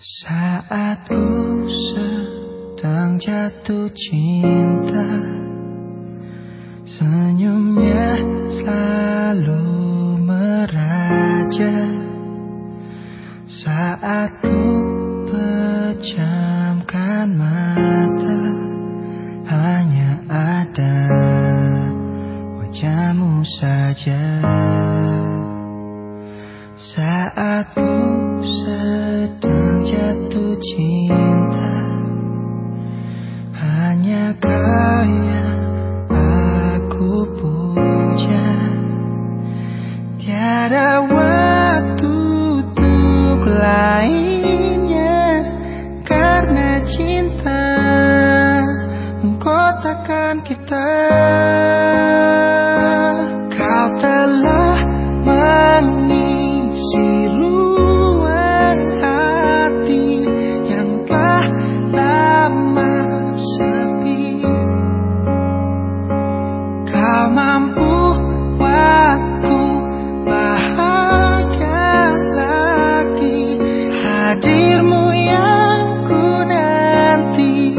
Saat ku sedang jatuh cinta Senyumnya selalu meraja Saat ku pejamkan mata Hanya ada wajahmu saja Saat ku sedang jatuh cinta Hanya kau aku puja Tiada waktu untuk lainnya Karena cinta Engkau takkan kita hadirmu yang ku nanti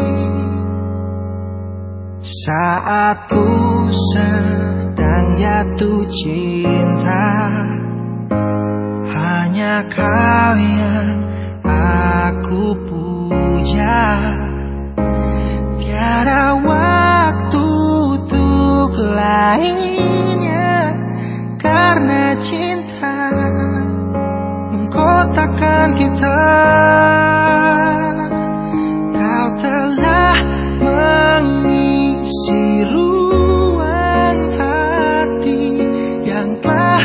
Saat ku sedang jatuh cinta Hanya kau yang aku puja Tiada waktu untuk lainnya Karena cinta kita Kau telah mengisi ruang hati yang telah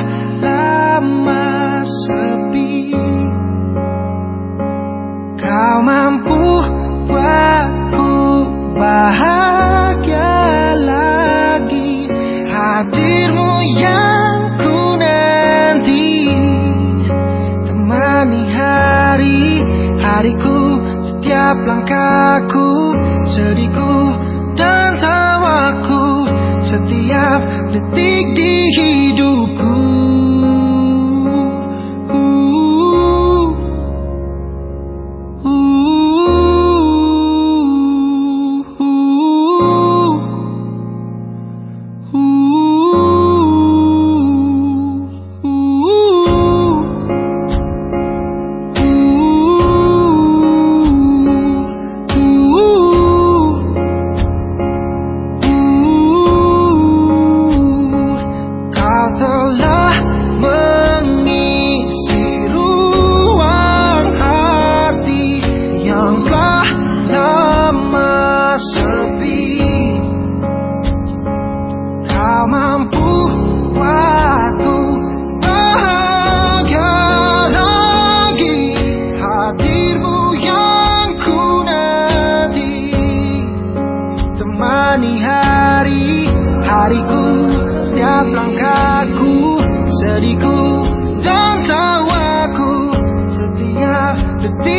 setiap langkahku Sedihku dan tawaku Setiap detik di hidupku to